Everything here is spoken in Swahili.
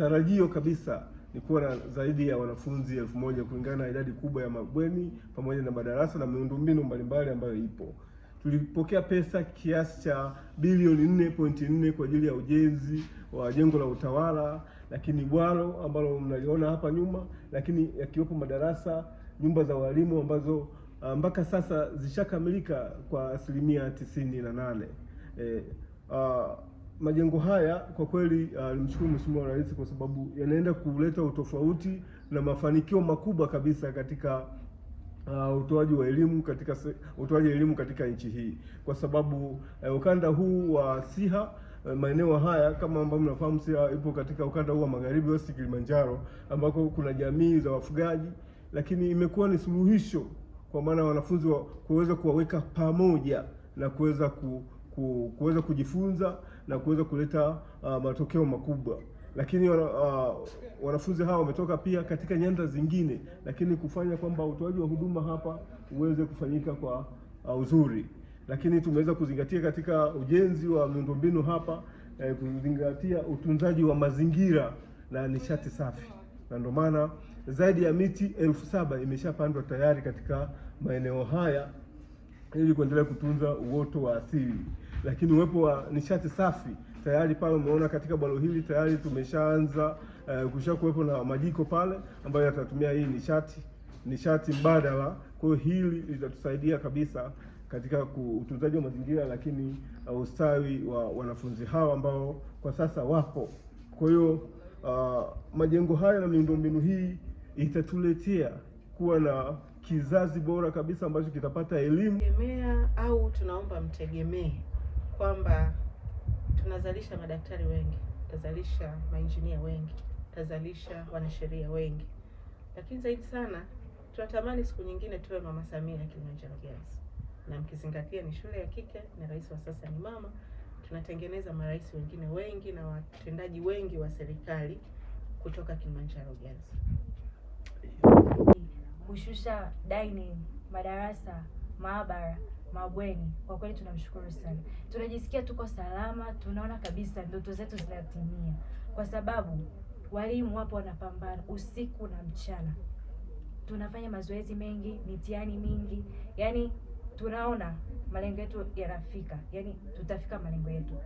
Tarajio kabisa ni kuwa na zaidi ya wanafunzi elfu moja kulingana na idadi kubwa ya mabweni pamoja na madarasa na miundombinu mbalimbali ambayo ipo. Tulipokea pesa kiasi cha bilioni 4.4 kwa ajili ya ujenzi wa jengo la utawala, lakini bwalo ambalo mnaliona hapa nyuma, lakini yakiwepo madarasa, nyumba za walimu ambazo ah, mpaka sasa zishakamilika kwa asilimia tisini na nane. E, majengo haya kwa kweli nimshukuru uh, Mheshimiwa Rais kwa sababu yanaenda kuleta utofauti na mafanikio makubwa kabisa katika Uh, utoaji wa elimu katika utoaji elimu katika nchi hii kwa sababu uh, ukanda huu wa uh, Siha uh, maeneo haya kama ambavyo mnafahamu, Siha ipo katika ukanda huu wa magharibi west Kilimanjaro, ambako kuna jamii za wafugaji, lakini imekuwa ni suluhisho kwa maana wanafunzi wa kuweza kuwaweka pamoja na kuweza ku kuweza kujifunza na kuweza kuleta uh, matokeo makubwa lakini uh, wanafunzi hawa wametoka pia katika nyanda zingine, lakini kufanya kwamba utoaji wa huduma hapa uweze kufanyika kwa uh, uzuri. Lakini tumeweza kuzingatia katika ujenzi wa miundombinu hapa eh, kuzingatia utunzaji wa mazingira na nishati safi, na ndio maana zaidi ya miti elfu saba imeshapandwa tayari katika maeneo haya ili kuendelea kutunza uoto wa asili, lakini uwepo wa nishati safi tayari pale umeona katika bwalo hili tayari tumeshaanza uh, kusha kuwepo na majiko pale ambayo yatatumia hii nishati nishati mbadala. Kwa hiyo hili litatusaidia kabisa katika utunzaji wa mazingira, lakini uh, ustawi wa wanafunzi hawa ambao kwa sasa wapo. Kwa hiyo uh, majengo haya na miundombinu hii itatuletea kuwa na kizazi bora kabisa ambacho kitapata elimu tegemea, au tunaomba mtegemee kwamba tunazalisha madaktari wengi, tutazalisha mainjinia wengi, tutazalisha wanasheria wengi, lakini zaidi sana tunatamani siku nyingine tuwe Mama Samia Kilimanjaro Girls, na mkizingatia ni shule ya kike na rais wa sasa ni mama, tunatengeneza marais wengine wengi na watendaji wengi wa serikali kutoka Kilimanjaro Girls kushusha dining, madarasa, maabara, mabweni. Kwa kweli tunamshukuru sana, tunajisikia tuko salama, tunaona kabisa ndoto zetu zinatimia, kwa sababu walimu wapo wanapambana usiku na mchana, tunafanya mazoezi mengi, mitihani mingi, yani tunaona malengo yetu yanafika, yani tutafika malengo yetu.